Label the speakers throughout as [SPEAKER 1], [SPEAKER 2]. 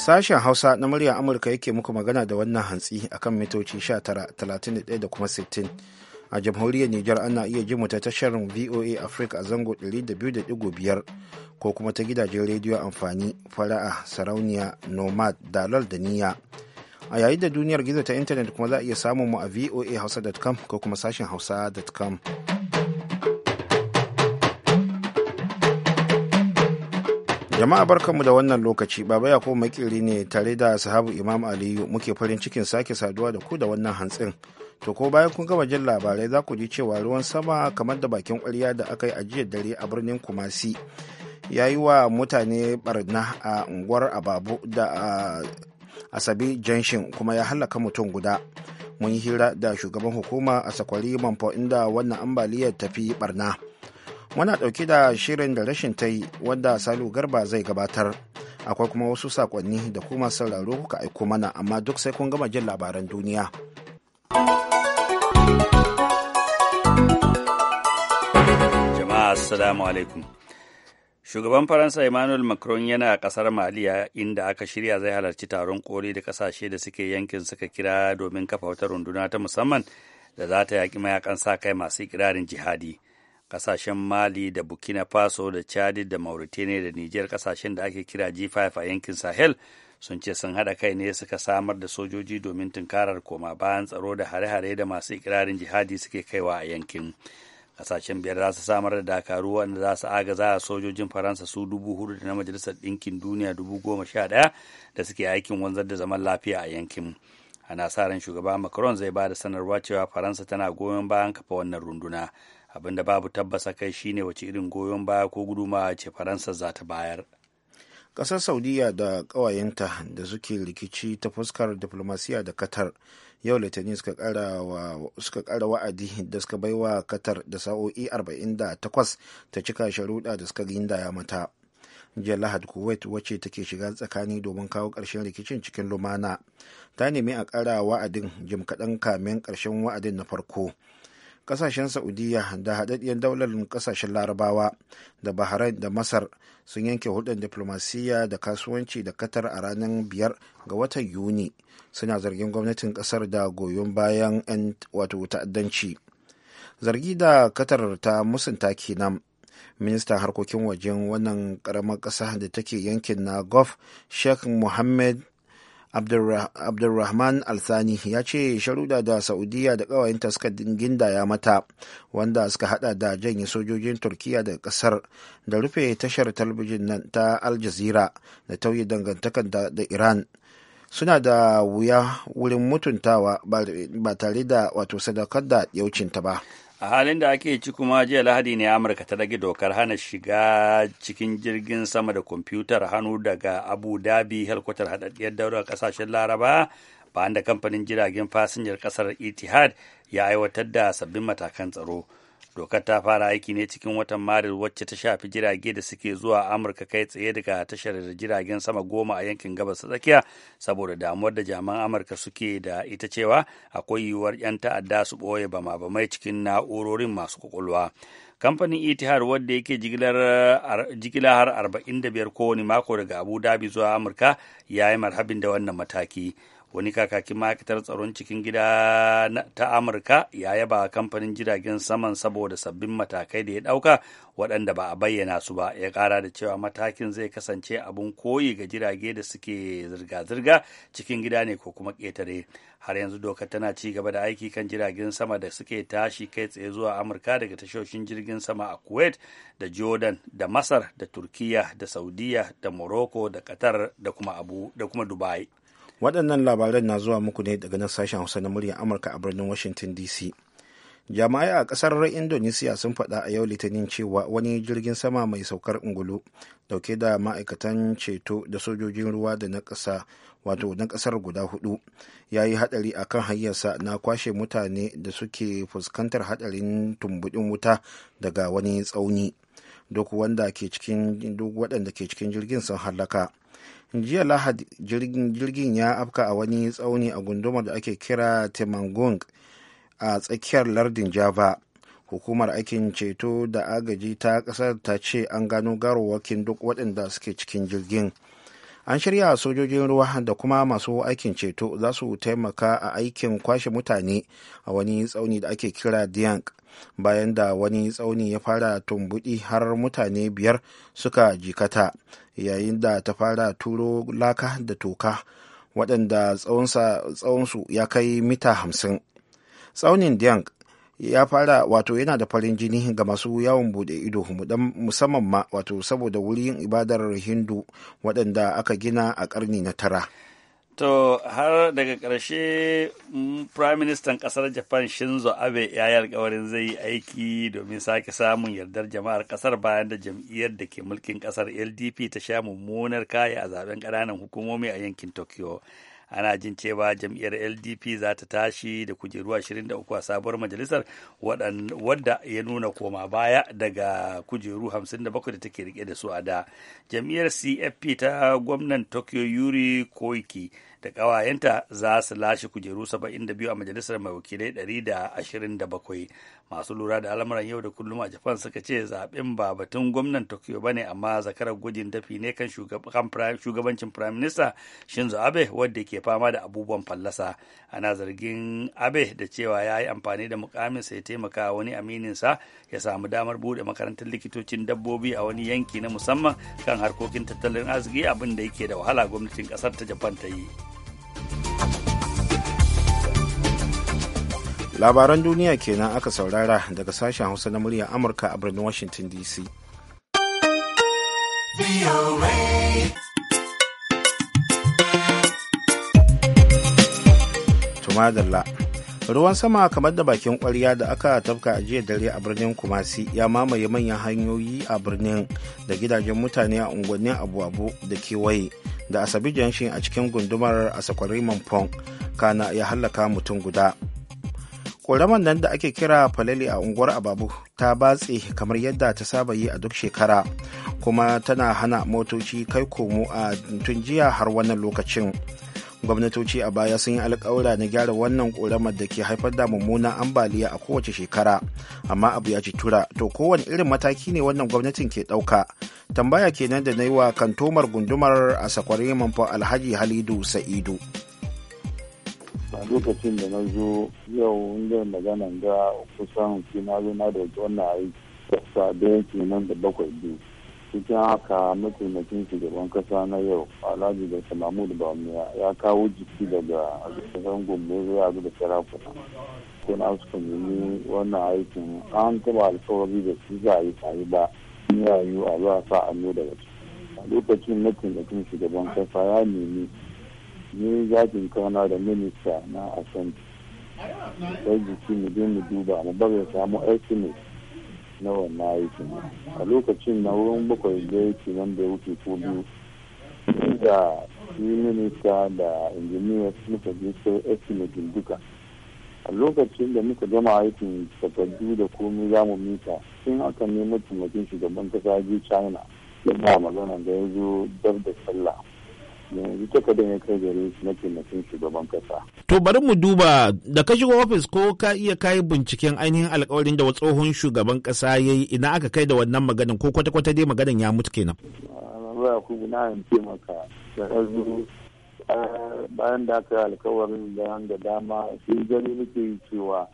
[SPEAKER 1] Sashen Hausa na muryar Amurka yake muku magana da wannan hantsi akan mitoci 19,31 da kuma 60. A jamhuriyar Nijar ana iya jin ta tashar VOA Africa a zango 200.5 ko kuma ta gidajen rediyo amfani fara'a sarauniya nomad dalar da niyya. A yayin da duniyar gizo ta intanet kuma za a iya samun mu a voahausa.com ko kuma sashen hausa.com. jama'a barkanmu da wannan lokaci baba yakubu makiri ne tare da sahabu imam aliyu muke farin cikin sake saduwa da ku da wannan hantsin to ko bayan kun gama jin labarai za ku ji cewa ruwan sama kamar da bakin kwarya da aka yi ajiyar dare a birnin kumasi ya yi wa mutane barna a unguwar ababu da a asabi janshin kuma ya halaka mutum guda mun hira da shugaban hukuma a sakwari manfo inda wannan ambaliyar tafi barna muna ɗauke da shirin da rashin ta yi wadda salu garba zai gabatar akwai kuma wasu sakonni da kuma sauraro kuka aiko mana amma duk sai kun gama jin labaran
[SPEAKER 2] duniya jama'a assalamu alaikum shugaban faransa emmanuel macron yana a kasar maliya inda aka shirya zai halarci taron kori da kasashe da suke yankin suka kira domin kafa wata runduna ta musamman da za ta yaƙi mayakan sa kai masu ikirarin jihadi kasashen mali da burkina faso da chadi da mauritania da niger kasashen da ake kira g5 a yankin sahel sun ce sun hada kai ne suka samar da sojoji domin tunkarar koma bayan tsaro da hare-hare da masu ikirarin jihadi suke kaiwa a yankin kasashen biyar za su samar da dakaru wanda za su agaza a sojojin faransa su dubu hudu da na majalisar ɗinkin duniya dubu goma sha ɗaya da suke aikin wanzar da zaman lafiya a yankin ana sa ran shugaba macron zai ba da sanarwa cewa faransa tana goyon bayan kafa wannan runduna abin da babu tabbasa kai shine wace irin goyon baya ko guduma ce faransa za ta bayar
[SPEAKER 1] ƙasar saudiya da ƙawayenta da suke rikici ta fuskar diplomasiya da qatar yau litinin suka kara wa'adi da suka bai wa qatar da sa'o'i 48 ta cika sharuɗa da suka gindaya mata jiya lahad kuwait wacce take shiga tsakani domin kawo ƙarshen rikicin cikin lumana ta nemi a ƙara wa'adin jim kaɗan kamen ƙarshen wa'adin na farko kasashen saudiya da haɗaɗɗiyar daular ƙasashen larabawa da bahrain da masar sun yanke hudun diplomasiyya da kasuwanci da katar a ranar biyar ga watan yuni suna zargin gwamnatin ƙasar da goyon bayan 'yan wato ta'addanci zargi da katar ta musunta kenan ministan harkokin wajen wannan karamar ƙasa da take yankin na gulf sheikh mohammed abdulrahman alsani ya ce sharuda da saudiya da ƙawayenta suka gindaya mata wanda suka hada da janye sojojin turkiya daga kasar da rufe tashar talbijin nan ta al da tauye dangantakan da iran suna da wuya wurin mutuntawa ba tare da wato sadakar da yaucinta ba
[SPEAKER 2] a halin da ake ci kuma jiya lahadi ne amurka ta rage dokar hana shiga cikin jirgin sama da kwamfutar hannu daga abu dhabi helkwatar haɗaɗɗiyar daular kasashen laraba bayan da kamfanin jiragen fasinjar ƙasar itihad ya aiwatar da sabbin matakan tsaro dokar ta fara aiki ne cikin watan maris wacce ta shafi jirage da suke zuwa amurka kai tsaye daga tashar jiragen sama goma a yankin gabas tsakiya saboda damuwar da jaman amurka suke da ita cewa akwai yiwuwar 'yan ta'adda su ɓoye bama-bamai cikin na'urorin masu kwakwalwa kamfanin etihad wadda yake jigila har 45 kowane mako daga abu dhabi zuwa amurka ya yi marhabin da wannan mataki wani kakakin ma'aikatar tsaron cikin gida ta amurka ya yaba kamfanin jiragen saman saboda sabbin matakai da ya dauka waɗanda ba a bayyana su ba ya kara da cewa matakin zai kasance abun koyi ga jirage da suke zirga-zirga cikin gida ne ko kuma ƙetare har yanzu dokar tana ci gaba da aiki kan jiragen sama da suke tashi kai tsaye zuwa amurka daga tashoshin jirgin sama a kuwait da jordan da masar da turkiya da saudiya da morocco da qatar da kuma abu da kuma dubai
[SPEAKER 1] waɗannan labaran na zuwa muku ne daga nan sashen hausa na muryar amurka a birnin washington dc jami'ai a ƙasar indonesia sun faɗa a yau litinin cewa wani jirgin sama mai saukar ungulu dauke da ma'aikatan ceto da sojojin ruwa da na ƙasa wato na ƙasar guda hudu ya yi haɗari a kan hanyarsa na kwashe mutane da suke fuskantar haɗarin tumbuɗin wuta daga wani tsauni duk wanda ke cikin duk waɗanda ke cikin jirgin sun hallaka jiya lahadi jirgin ya afka a wani tsauni a gundumar da ake kira temangung a tsakiyar lardin java hukumar aikin ceto da agaji ta kasar ta ce an gano garowakin duk waɗanda suke cikin jirgin an shirya sojojin ruwa da kuma masu aikin ceto za su taimaka a aikin kwashe mutane a wani tsauni da ake kira diyank bayan da wani tsauni ya fara tumbuɗi har mutane biyar suka jikata yayin da ta fara turo laka da toka waɗanda tsawonsu ya kai mita hamsin tsaunin diang ya fara wato yana da farin jini ga masu yawon bude ido musamman ma wato saboda wurin ibadar hindu waɗanda aka gina a ƙarni na tara
[SPEAKER 2] To har daga karshe mm, Prime Minister ƙasar Japan Shinzo Abe ya yi alkawarin zai yi aiki domin sake samun yardar jama'ar ƙasar bayan da jam'iyyar da ke mulkin ƙasar LDP ta sha mummunar kaya a zaben ƙananan hukumomi a yankin Tokyo. Ana jin cewa jam'iyyar LDP za ta tashi da kujeru 23 a sabuwar majalisar wadda ya nuna koma baya daga kujeru 57 da take rike da su a da. Jam'iyyar CFP ta gwamnan Tokyo Yuri Koiki da ƙawayenta za su lashe kujeru 72 a majalisar mai wakilai 127 masu lura da al'amuran yau da kullum a japan suka ce zaɓen ba batun gwamnan tokyo ba ne amma zakarar gwajin dafi ne kan shugabancin prime minister shinzo abe wadda ke fama da abubuwan fallasa ana zargin abe da cewa ya yi amfani da mukamin ya taimaka wani amininsa ya samu damar buɗe makarantar likitocin dabbobi a wani yanki na musamman kan harkokin tattalin arziki abin da yake da wahala gwamnatin ƙasar ta japan ta yi.
[SPEAKER 1] labaran duniya kenan aka saurara daga sashen hausa na murya amurka a birnin washington dc tumadalla ruwan sama kamar da bakin kwarya da aka tafka a jiya dare a birnin kumasi ya mamaye manyan hanyoyi a birnin da gidajen mutane a unguwannin abu-abu da kewaye da asabi janshin a cikin gundumar asakwari manfon kana ya hallaka mutum guda ƙoramar nan da ake kira falale a unguwar ababu ta batse kamar yadda ta saba yi a duk shekara kuma tana hana motoci kai komo a tun jiya har wannan lokacin gwamnatoci a baya sun yi alkawura na gyara wannan ƙoramar da ke haifar da mummunan ambaliya a kowace shekara amma abu ya ci tura to kowane irin mataki ne wannan gwamnatin ke ɗauka tambaya kenan da na yi wa kantomar gundumar a sakwari manfa alhaji halidu sa'idu
[SPEAKER 3] lokacin da na zo yau inda magana ga kusan shi na zo na da wannan aiki kasa da yake nan da bakwai biyu cikin haka mataimakin shugaban kasa na yau alhaji da samamu da bamiya ya kawo jiki daga kasar gombe zuwa da sarakuna kuna suka nemi wannan aikin an taba alfawari da su za a yi tare ba ya yi a za a sa anno daga a lokacin mataimakin shugaban kasa ya nemi ne zakin kauna da minista na asanti sai jiki mu je mu duba mu bar ya samu estimate na wannan aiki a lokacin na wurin bakwai da yake da ya wuce ko biyu da shi minista da injiniyar muka je sai estimate duka a lokacin da muka gama aikin sakaddu da komai za mu mita sun aka nemo taimakin shugaban kasa je china da magana da ya zo dab da sallah yanzu takardar ya kai gare shi na shugaban kasa.
[SPEAKER 1] To bari mu duba da ka shiga ofis ko ka iya kayi binciken ainihin alkawarin da tsohon shugaban kasa ya yi ina aka kai da wannan maganin ko kwata-kwata dai maganin ya mutu kenan.
[SPEAKER 3] Ba ku na yin taimaka da ɗazu bayan da aka yi alkawarin da dama sai gani nake cewa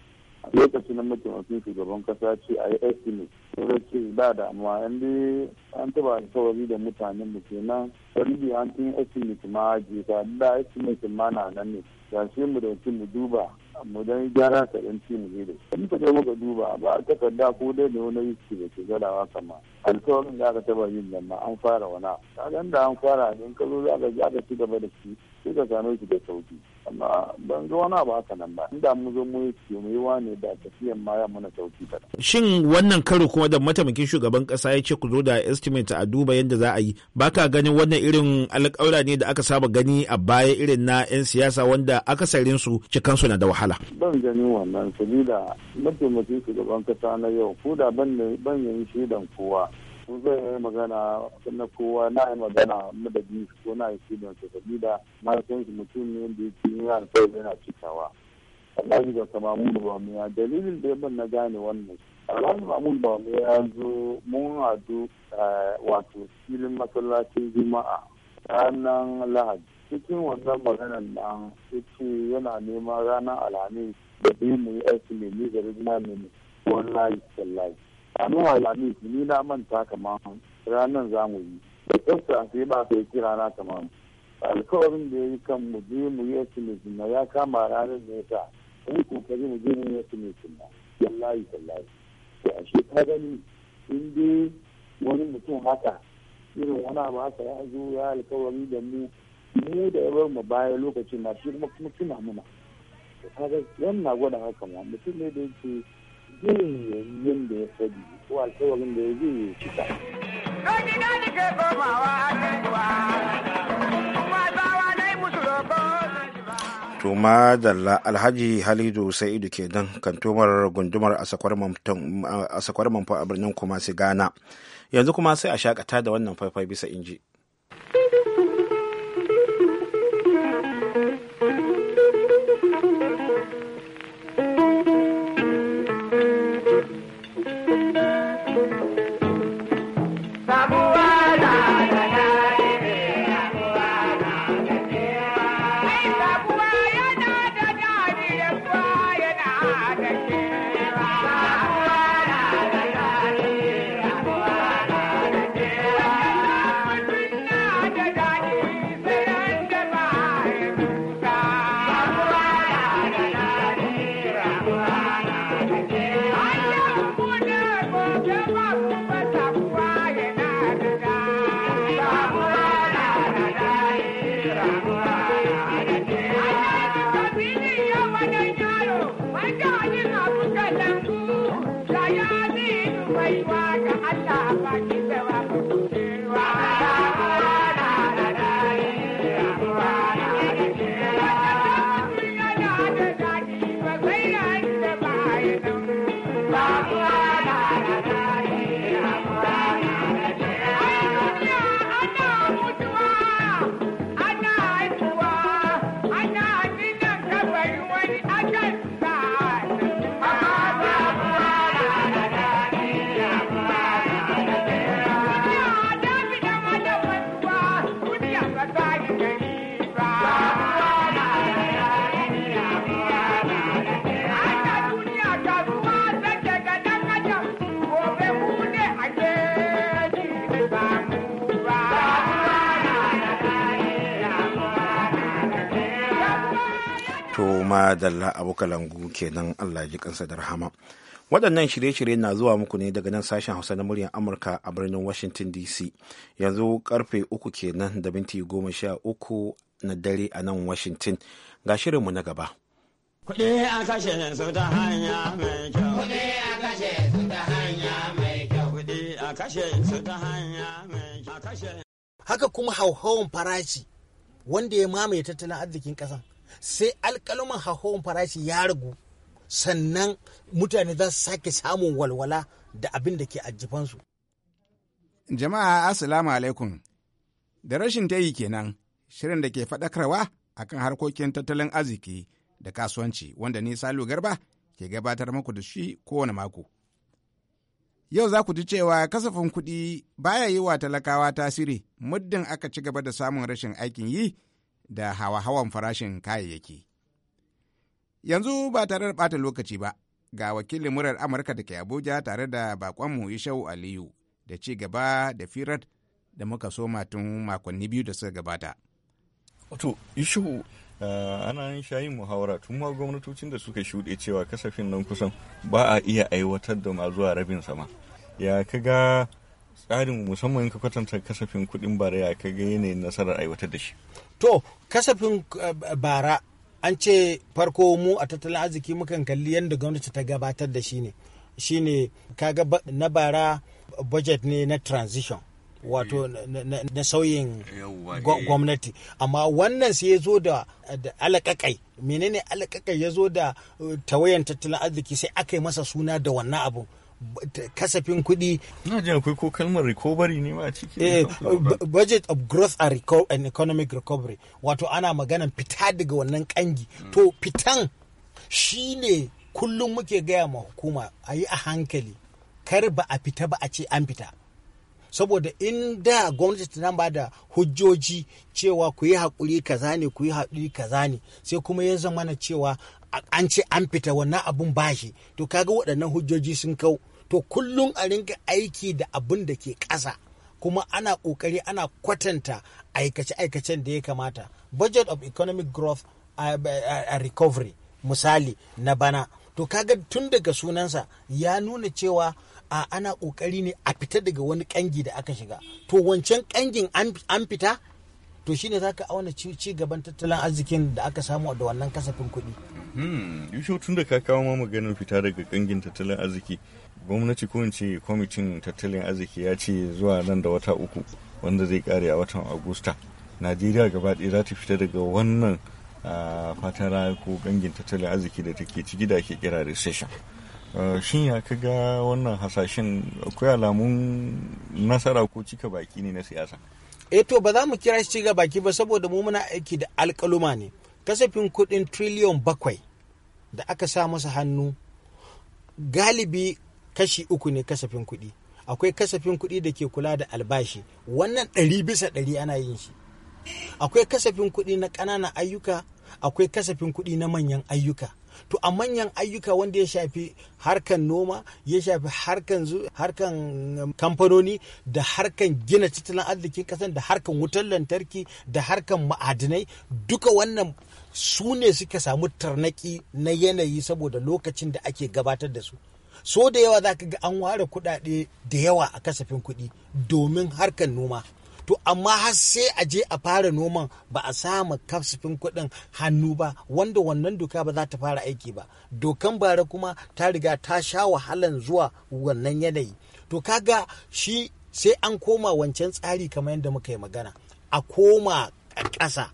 [SPEAKER 3] lokacin da mataimakin shugaban kasa ce a yi aikini sai ce ba amma an bi an taba alkawari da mutanen mu kenan bi an tun estimate ma je ka da estimate ma na nan ne ga shi mu da mu duba mu dan gyara ka dan ci mu da shi muka je muka duba ba a takarda ko dai ne wani yake da ke gadawa kama alkawarin da aka taba yin nan an fara wana kaga da an fara in ka zo za ka ci gaba da shi sai ka gano shi da sauki amma ban zo wani abu haka nan ba inda mu zo mu yi kiyoyewa ne da tafiyan ma ya muna sauki ta
[SPEAKER 1] shin wannan karo kuma da mataimakin shugaban kasa ya ce ku zo da estimate a duba yadda za a yi baka ganin wannan irin alƙawura ne da aka saba gani a baya irin na 'yan siyasa wanda akasarin su cikansu na da wahala
[SPEAKER 3] ban ganin wannan sabida mataimakin shugaban kasa na yau ko da ban ban yin shaidan kowa ko zan yi magana na kowa na yi magana da biyu ko na yi shirin su sabida na san shi mutum ne da yake yin alfahari yana cikawa alhaji ga kama mun ba mu ya dalilin da ban na gane wannan alhaji ba mun ba mu ya zo mun hadu eh, wato filin masallacin juma'a ranar lahadi cikin wannan maganar nan yake yana neman ranar alhamis da biyu mu yi aiki mai ni da rigima mai wallahi tallahi abin alhamis ni na manta kamar ranar zamu yi da tsafta sai ba sai kira na kamar alkawarin da ya yi kan mu je mu yi estimation na ya kama ranar da ya sa in kokari mu je mu yi estimation na yallahi tallahi to a shi ka gani in dai wani mutum haka irin wani abu haka ya zo ya alkawari da mu mu da ya bar mu baya lokacin na shi kuma kuma suna muna to ka ga gwada haka ma mutum ne da yake yin yin da ya sani ko alkawarin da ya zai cika. ke
[SPEAKER 4] Gani na yi nike komawa
[SPEAKER 1] tuma dalla alhaji halidu sa'idu kenan kantomar gundumar asakwar manfa a birnin kumasi ghana yanzu kuma sai a shakata da wannan faifai bisa inji. thank you kuma dalla abokalangu kenan allah ji kansa da rahama waɗannan shirye-shirye na zuwa muku ne daga nan sashen hausa na muryar amurka a birnin washington dc yanzu karfe uku kenan da minti goma sha uku na dare a nan washington ga shirinmu na gaba
[SPEAKER 5] kuɗi a kashe su ta hanya mai kyau kuɗi a kashe su ta hanya mai kyau kuɗi a kashe su ta hanya mai kyau haka kuma hauhawan farashi wanda ya mamaye tattalin arzikin ƙasa. sai alkaluman hahon farashi ya ragu sannan mutane za su sake samun walwala da abin da ke ajifansu.
[SPEAKER 6] Jama'a Assalamu alaikum. Da rashin tayi kenan, shirin da ke faɗakarwa a kan harkokin tattalin arziki da kasuwanci wanda ni Salu Garba ke gabatar muku da shi kowane mako. Yau za ku ji cewa kasafin kuɗi baya yi wa talakawa tasiri muddin aka ci gaba da samun rashin aikin yi da hawa-hawan farashin kayayyaki. Yanzu ba tare da ɓata lokaci ba, ga wakilin murar Amurka da ke Abuja tare da bakonmu Ishau Aliyu da ci gaba da firat da muka so tun makonni biyu da
[SPEAKER 7] suka gabata. Wato, Ishau eh, ana yin shayin muhawara tun ma gwamnatocin da suka shuɗe cewa kasafin nan kusan ba a iya aiwatar da ma zuwa rabin sama. Ya kaga tsarin musamman ka kwatanta kasafin kuɗin bara ya ka ga yanayin nasarar aiwatar da shi. to kasafin eh, bara an ce farko mu
[SPEAKER 5] a tattalin arziki mukan kalli yadda gwamnati ta gabatar da shi ne shi shine kaga na bara budget ne na transition wato eh. na sauyin eh. gwamnati amma wannan sai ya zo da alakakai menene alakakai ya zo da tawayan tattalin arziki sai aka yi masa suna da wannan abu kasafin kuɗi. Na ji akwai ko kalmar recovery ne ma ciki. Eh, budget of growth and economic recovery. Wato ana maganan fita daga wannan kangi. Hmm. To fitan shi ne kullum muke gaya ma hukuma a yi a hankali. Kar ba a fita ba a ce an fita. saboda in da gwamnati ta ba da hujjoji cewa ku yi haƙuri kaza ne ku yi haƙuri kaza ne sai kuma ya zama na cewa an ce an fita wannan abun bashi to kaga waɗannan hujjoji sun kau to kullum a rinka aiki da abun da ke ƙasa kuma ana ƙoƙari ana kwatanta aikace-aikacen da ya kamata budget of economic growth a recovery misali na bana to kaga tun daga sunansa ya nuna cewa a ana ƙoƙari ne a fita daga wani ƙangi da aka shiga to wancan ƙangin an fita to shi shine zaka auna ci gaban tattalin arzikin da aka samu da wannan kasafin kuɗi.
[SPEAKER 7] Hmm, yusho tun da ka kawo ma maganin fita daga kangin tattalin arziki gwamnati ko ce kwamitin tattalin arziki ya ce zuwa nan da wata uku wanda zai kare a watan agusta najeriya gaba ɗaya za ta fita daga wannan fatara ko gangin tattalin arziki da take ciki da ake kira recession shin ya ka ga wannan hasashen akwai alamun nasara ko cika baki ne na siyasa
[SPEAKER 5] eh to ba za mu kira shi ga baki ba saboda mu muna aiki da alkaluma ne kasafin kuɗin triliyon bakwai da aka sa masa hannu galibi kashi uku ne kasafin kuɗi akwai kasafin kuɗi da ke kula da albashi wannan ɗari bisa ɗari ana yin shi akwai kasafin kuɗi na ƙananan ayyuka akwai kasafin kuɗi na manyan ayyuka to a manyan ayyuka wanda ya shafi harkan noma ya shafi harkan harkan um, kamfanoni da harkan gina tattalin arzikin kasan da harkan wutar lantarki da harkan ma'adinai duka wannan su ne suka samu tarnaki na yanayi saboda lokacin da ake gabatar da su so da yawa za ka ga an ware kuɗaɗe da yawa a kasafin kuɗi domin harkan noma to amma har sai a je a fara noman ba a sama kasafin kuɗin hannu ba wanda wannan doka ba za ta fara aiki ba dokan bara kuma ta riga ta sha wahalan zuwa wannan yanayi to kaga shi sai an koma wancan tsari kamar yadda muka yi magana a koma a ƙasa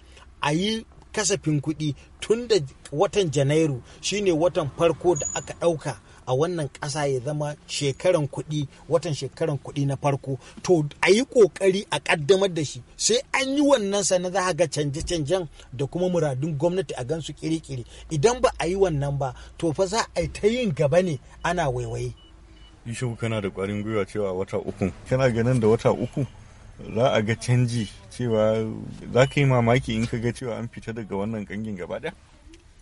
[SPEAKER 5] a yi kasafin kuɗi tun da watan janairu shine watan farko da aka ɗauka a wannan ƙasa ya zama shekaran kuɗi watan shekaran kuɗi na farko to a yi ƙoƙari a ƙaddamar da shi sai an yi wannan na za a ga canje-canjen da kuma muradun gwamnati a gansu kiri-kiri idan ba a yi wannan ba to fa za a ta yin gaba ne ana waiwaye.
[SPEAKER 7] Yusuf kana da ƙwarin gwiwa cewa wata uku kana ganin da wata uku za a ga canji cewa za ka yi mamaki in ka ga cewa an fita daga wannan ƙangin gaba ɗaya.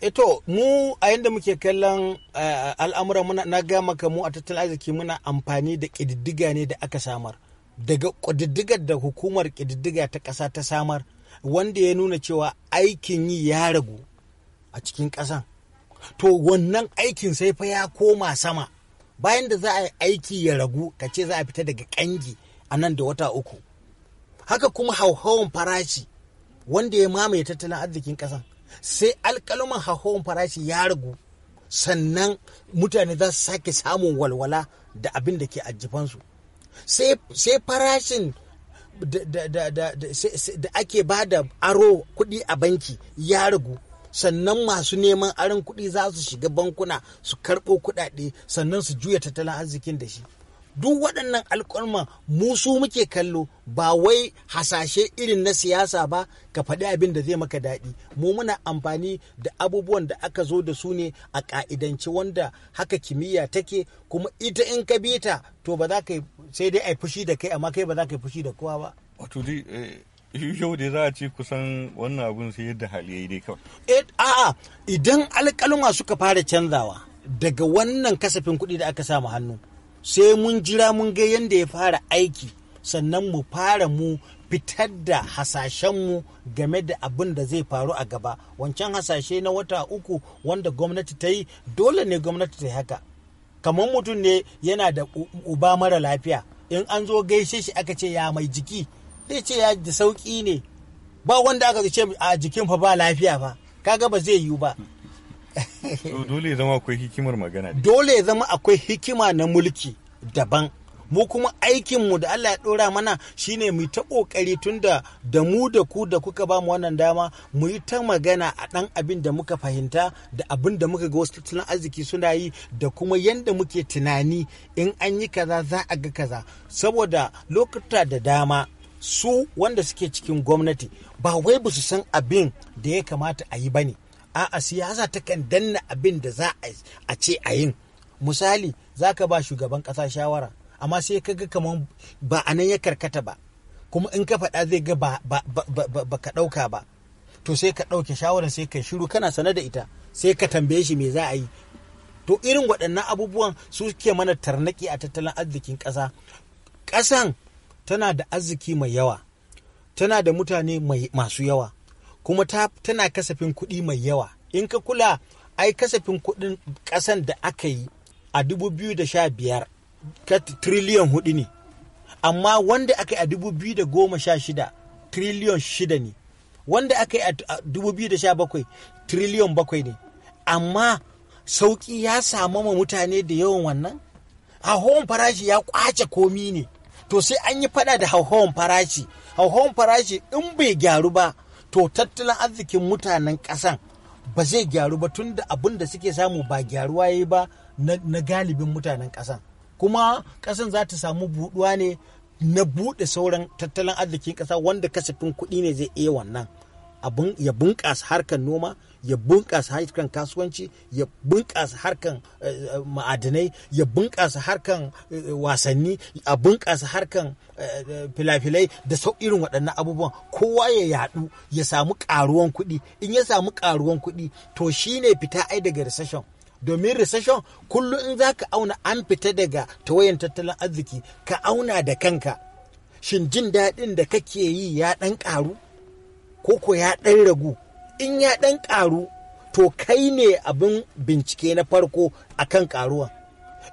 [SPEAKER 7] Eto eh, mu
[SPEAKER 5] a yadda muke kallon eh, al'amuran al'amura muna na ga maka mu a tattalin arziki muna amfani da ƙididdiga ne da aka samar. Daga ƙididdigar da hukumar ƙididdiga ta ƙasa ta samar wanda ya nuna cewa aikin yi ya ragu a cikin ƙasan. To wannan aikin sai fa ya koma sama. Bayan da za a yi aiki ya ragu ka ce za a fita daga ƙangi a nan da wata uku. Haka kuma hauhawan farashi wanda ya mamaye tattalin arzikin ƙasan. sai alkalman hahon farashi ya ragu sannan mutane za su sake samun walwala da abin da ke ajifansu sai farashin da ake ba da aro kuɗi a banki ya ragu sannan masu neman aron kuɗi za su shiga bankuna su karɓo kuɗaɗe sannan su juya tattalin arzikin da shi duk waɗannan alƙalma mu su muke kallo ba wai hasashe irin na siyasa ba ka faɗi abin da zai maka daɗi mu muna amfani da abubuwan da aka zo da su ne a ƙa'idance wanda haka kimiyya take kuma ita in ka bi ta to ba za ka sai dai ai fushi da kai amma kai ba za ka yi fushi da kowa ba
[SPEAKER 7] wato dai eh, yau da za a ce kusan wannan abun sai yadda hali dai kawai eh, a'a idan alƙalma
[SPEAKER 5] suka fara canzawa daga wannan kasafin kuɗi da aka samu hannu sai mun jira mun ga yadda ya fara aiki sannan mu fara mu fitar da hasashen mu game da abin da zai faru a gaba wancan hasashe na wata uku wanda gwamnati ta yi dole ne gwamnati ta yi haka kamar mutum ne yana da uba mara lafiya in an zo gaishe shi aka ce ya mai jiki zai ce ya da sauki ne ba wanda aka ce a jikin fa ba lafiya fa kaga ba zai yiwu ba dole zama akwai hikimar magana dole zama akwai hikima na mulki daban mu kuma aikinmu da Allah ya ɗora mana shine mu ta ƙoƙari tun da da mu da ku da kuka ba mu wannan dama mu yi ta magana a ɗan abin da muka fahimta da abin da muka ga wasu tattalin arziki suna yi da kuma yadda muke tunani in an yi kaza za a ga kaza saboda lokuta da dama su wanda suke cikin gwamnati ba wai ba su san abin da ya kamata a yi ba ne a'a siyasa kan danna abin da za a ce a yin misali za ka ba shugaban ƙasa shawara amma sai ka ga kamar ba a nan ya karkata ba kuma in ka faɗa zai ga ba ka ɗauka ba to sai ka ɗauke shawarar sai ka shiru kana sane da ita sai ka tambaye shi me za a yi to irin waɗannan abubuwan su ke mana tarnaki a tattalin arzikin ƙasa ƙasan tana da arziki mai yawa tana da mutane masu yawa kuma ta tana kasafin kuɗi mai yawa in ka kula ai kasafin kuɗin ƙasan da aka yi a 2015 triliyon hudu ne amma wanda aka yi a 2016 sha shida ne wanda aka yi a 2017 sha bakwai ne amma sauƙi ya samu ma mutane da yawan wannan hauhawan farashi ya kwace komi ne to sai an yi fada da hauhawan farashi hauhawan farashi in bai gyaru ba to tattalin arzikin mutanen ƙasan ba zai gyaru ba tun da abin da suke samu ba gyaruwa ya yi ba na galibin mutanen ƙasan kuma ƙasan za ta samu buɗuwa ne na buɗe sauran tattalin arzikin ƙasa wanda kasafin kuɗi ne zai iya wannan ya bunƙasa harkar noma ya bunƙasa harkan kasuwanci ya bunƙasa harkan eh, eh, ma'adinai ya bunƙasa harkan eh, wasanni a bunƙasa harkan filafilai da sau irin waɗannan abubuwan kowa ya yaɗu ya samu ƙaruwan kuɗi in ya samu ƙaruwan kuɗi to shi ne fita ai daga recession domin recession kullum in za ka auna an fita daga tawayan tattalin arziki ka auna da kanka shin jin daɗin da kake yi ya ɗan ƙaru koko ya ɗan ragu in ya ɗan ƙaru to kai ne abin bincike na farko a kan ƙaruwa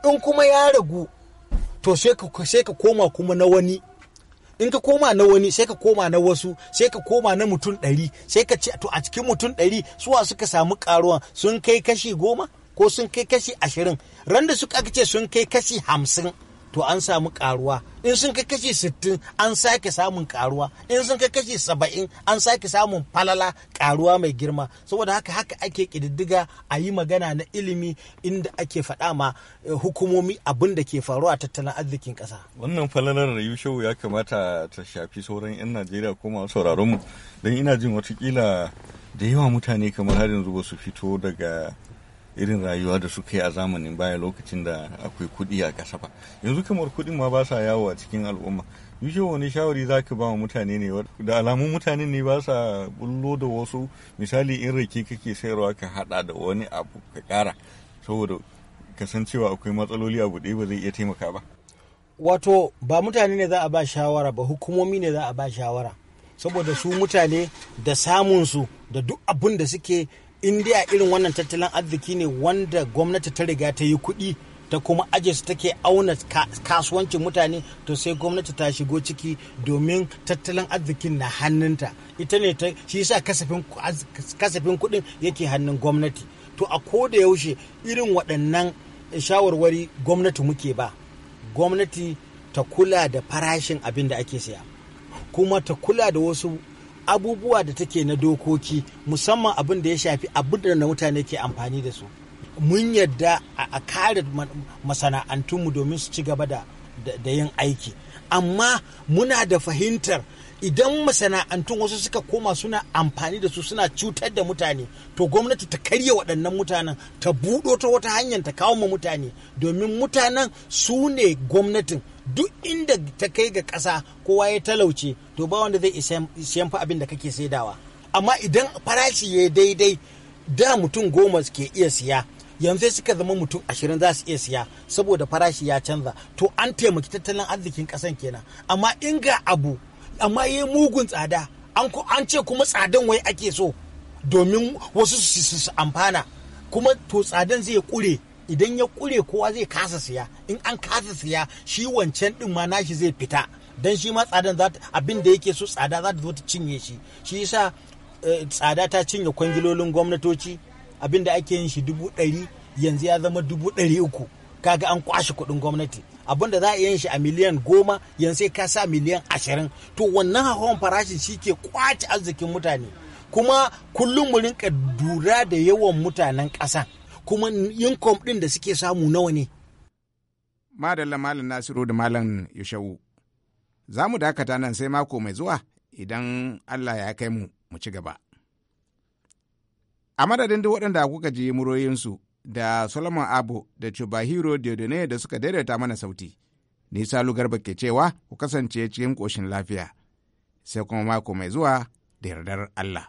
[SPEAKER 5] in kuma ya ragu to sai ka koma kuma na wani in ka koma na wani sai ka koma na wasu sai ka koma na mutum ɗari sai ka ce to a cikin mutum ɗari suwa suka samu ƙaruwa sun kai kashi goma ko sun kai kashi ashirin ran da suka ce sun kai kashi hamsin to an samu karuwa in sun ka kashi sittin an sake samun karuwa in sun ka kashi saba'in an sake samun falala karuwa mai girma saboda haka haka ake kididdiga a yi magana na ilimi inda ake faɗa ma eh, hukumomi abin da ke faruwa tattalin arzikin ƙasa.
[SPEAKER 7] wannan falalar rayu shehu ya kamata ta shafi sauran 'yan najeriya ko masu sauraron mu don ina jin watakila da yawa mutane kamar har yanzu ba su fito daga irin rayuwa da suka yi a zamanin baya lokacin da akwai kuɗi a ƙasa ba yanzu kamar kuɗin ma ba sa yawo a cikin al'umma yushe wani shawari za ka ba wa mutane ne da alamun mutane ne ba sa bullo da wasu misali in rake kake sayarwa ka hada da wani abu ka ƙara saboda kasancewa akwai matsaloli abu ɗaya ba zai iya taimaka ba
[SPEAKER 5] wato ba mutane ne za a ba shawara ba hukumomi ne za a ba shawara saboda su mutane da samunsu da duk abun da suke indiya irin wannan tattalin arziki ne wanda gwamnati ta riga ta yi kuɗi ta kuma aje su take auna kasuwancin mutane to sai gwamnati ta shigo ciki domin tattalin arzikin na hannunta ita ne ta shi sa kasafin kuɗin yake hannun gwamnati to a ko da yaushe irin waɗannan shawarwari gwamnati muke ba gwamnati ta kula da farashin abin da ake saya kuma ta kula da wasu abubuwa da take na dokoki musamman abin da ya shafi abin da mutane ke amfani da su mun yadda a kare masana'antunmu domin su ci gaba da yin aiki amma muna da fahimtar idan masana'antun wasu suka koma suna amfani da su suna cutar da mutane to gwamnati ta karya waɗannan mutanen ta buɗo ta wata hanyar ta kawo ma mutane domin mutanen su ne gwamnatin duk inda ta kai ga ƙasa kowa ya talauce to ba wanda zai siyan fa abin da kake saidawa amma idan farashi ya daidai da mutum goma ke iya siya yanzu sai suka zama mutum ashirin za su iya siya saboda farashi ya canza to an taimaki tattalin arzikin ƙasan kenan amma in ga abu amma yi mugun tsada an ce kuma tsadan wai ake so domin wasu su amfana kuma to tsadan zai kure idan ya kure kowa zai kasa siya in an kasa siya shi wancan din ma nashi zai fita dan shi ma tsadan abin da yake so tsada za ta zo ta cinye shi shi yasa eh, tsada ta cinye kwangilolin gwamnatoci abin da ake yin shi dubu ɗari yanzu ya zama dubu ɗari uku kaga an kwashe kuɗin gwamnati abin da za a yin shi a miliyan goma yanzu sai ka sa miliyan ashirin to wannan hawan farashin shi ke kwace arzikin mutane kuma kullum mu rinka dura da yawan mutanen ƙasa
[SPEAKER 6] kuma income ɗin da suke samu nawa ne. Madalla Malam Nasiru da Malam Yushau. Za mu dakata nan sai mako mai zuwa idan Allah ya kai mu mu ci gaba. A madadin duk waɗanda kuka ji muroyinsu da solomon abu da chubahiro diodone da suka daidaita mana sauti nisa lugarba ke cewa ku kasance cikin ƙoshin lafiya sai kuma mako mai zuwa da yardar allah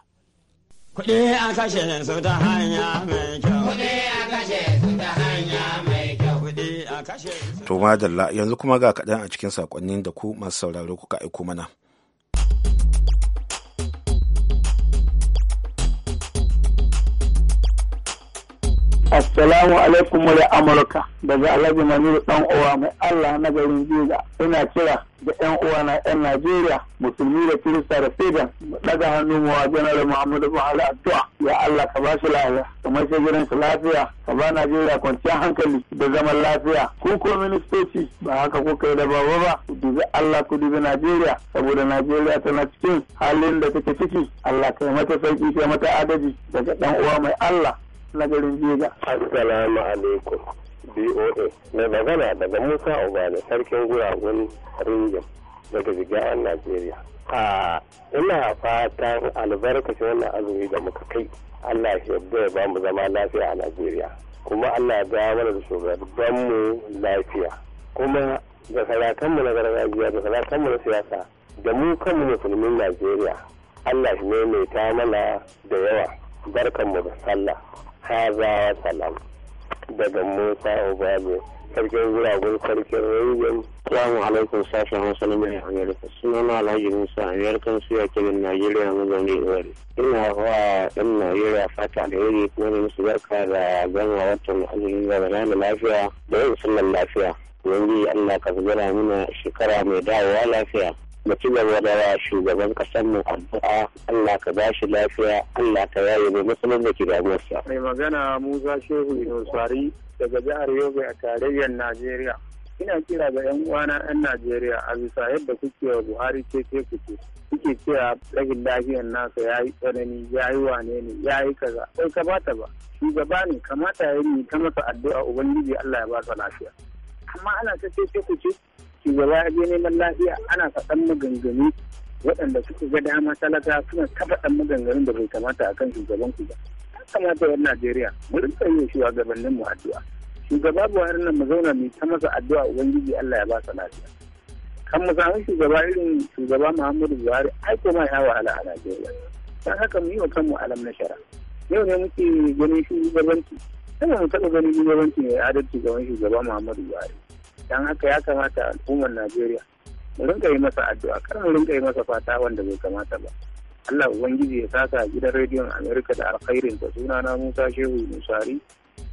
[SPEAKER 5] kuɗi a kashe su ta hanya mai kyau kuɗi a kashe su ta hanya mai kyau kuɗi a kashe
[SPEAKER 1] su to madalla yanzu kuma ga kaɗan a cikin saƙonnin da ku masu sauraro kuka aiko mana
[SPEAKER 4] Salamu alaikum wa Amurka daga Alhaji Maniru ɗan uwa mai Allah na garin Jiga ina kira da yan uwa na yan Najeriya musulmi da Kirista da Fidan ɗaga hannu wa Janar Muhammadu Buhari addu'a ya Allah ka ba shi lafiya kamar shi gidan shi lafiya ka ba Najeriya kwanciyar hankali da zaman lafiya ku ko ministoci ba haka kuka yi da baba ba ku dubi Allah ku dubi Najeriya saboda Najeriya tana cikin halin da take ciki
[SPEAKER 8] Allah ka yi mata sauki ka mata adadi daga ɗan uwa mai Allah na garin Jega. Assalamu alaikum. BOA mai magana daga Musa Obane sarkin guragun Ringin daga Jigawan Najeriya. A ina fatan albarkacin wannan azumi da muka kai Allah ya yarda ya ba mu zama lafiya a Najeriya. Kuma Allah ya dawo mana da mu lafiya. Kuma da salatanmu na gargajiya da salatanmu na siyasa da mu kanmu musulmin Najeriya Allah shi maimaita mana da yawa barkanmu da sallah. hazawa salam daga musa obabe sarkin guragun sarkin ringin salamu alaikum sashen hausa na mai amerika sunana alhaji musa amerikan suya kirin najeriya mazauni iwari ina wa ɗan najeriya fata da yiri kuma ne musu barka da gama watan azumin da rana lafiya da yin sallar lafiya yanzu allah ka zubara mana shekara mai dawowa lafiya mu ci gaba da shugaban kasar mu addu'a Allah ka ba shi lafiya Allah ka yaye mai matsalar da ke damuwarsa.
[SPEAKER 4] Mai magana Musa Shehu Inosari daga jihar Yobe a tarayyar Najeriya. Ina kira ga 'yan uwana 'yan Najeriya a bisa yadda kuke wa Buhari ce ce kuke. Kuke cewa rashin lafiyar nasa ya yi tsanani ya yi wane ne ya yi kaza. kai ka ba. ta ba? Shugaba ne kamata ya yi ta masa addu'a Ubangiji Allah ya ba lafiya.
[SPEAKER 5] Amma ana ta ce ce kuke
[SPEAKER 4] shugaba ya je neman lafiya ana faɗan maganganu waɗanda suka ga dama talaka suna taɓa ɗan maganganun da bai kamata a kan shugaban ku ba ya kamata yan najeriya mu rinka yi shugabannin mu addu'a shugaba buhari nan mu zauna mu ta masa addu'a ubangiji allah ya ba sa lafiya kan mu samu shugaba irin shugaba muhammadu buhari ai ma ya wahala a najeriya don haka mu yi wa kanmu alam na shara yau ne muke ganin shugabanci kada mu taɓa ganin shugabanci mai adalci gaban shugaba muhammadu buhari don haka ya kamata al'ummar najeriya mu rinka yi masa addu'a kar mu rinka yi masa fata wanda bai kamata ba allah ubangiji ya saka a gidan rediyon amerika da alkhairin ta suna na musa shehu musari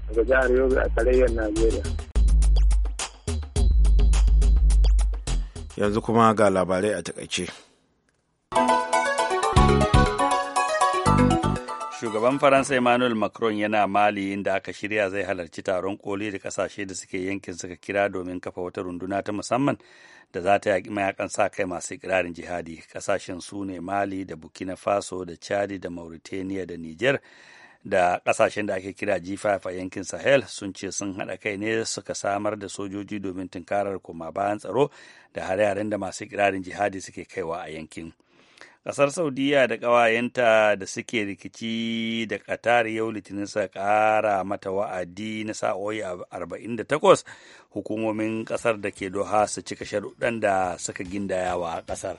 [SPEAKER 4] daga jihar yobe a tarayyar najeriya
[SPEAKER 1] yanzu kuma ga labarai a takaice.
[SPEAKER 2] Shugaban Faransa Emmanuel Macron yana Mali inda aka shirya zai halarci taron koli da kasashe da suke yankin suka kira domin kafa wata runduna ta musamman da za ta yaƙi mayakan sa kai masu ikirarin jihadi. Kasashen su ne Mali da Burkina Faso da Chadi da Mauritania da Niger da kasashen da ake kira G5 a yankin Sahel sun ce sun haɗa kai ne suka samar da sojoji domin tunkarar koma bayan tsaro da hare-haren da masu ikirarin jihadi suke kaiwa a yankin. Ƙasar Saudiya da ƙawayenta da suke rikici da Qatar yau Litinin sa ƙara mata wa'adi na sa'o'i 48 hukumomin ƙasar da ke Doha su cika sharuɗan da suka gindayawa a ƙasar.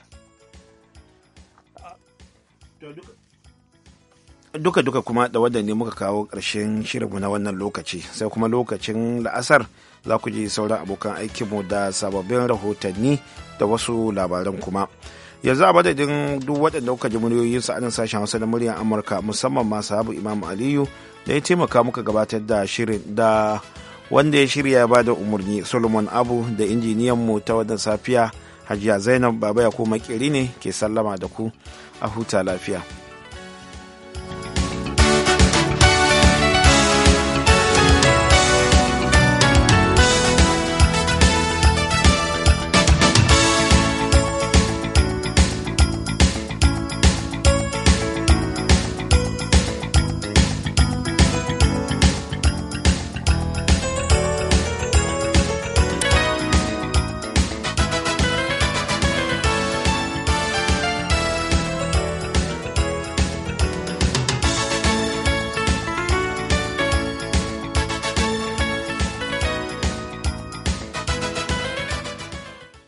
[SPEAKER 1] Duka-duka kuma da wadda ne muka kawo ƙarshen shirinmu na wannan lokaci, sai kuma lokacin la'asar za ku ji sauran abokan aikinmu da sababbin rahotanni da wasu labaran kuma. yanzu a madadin duk waɗanda kuka ji muryoyin a anan sashen hausa na muryar amurka musamman ma sahabu imam aliyu da ya taimaka muka gabatar da shirin da wanda ya shirya ba da umarni solomon abu da injiniyan mu ta wannan safiya hajiya zainab baba ya ko makiri ne ke sallama da ku a huta lafiya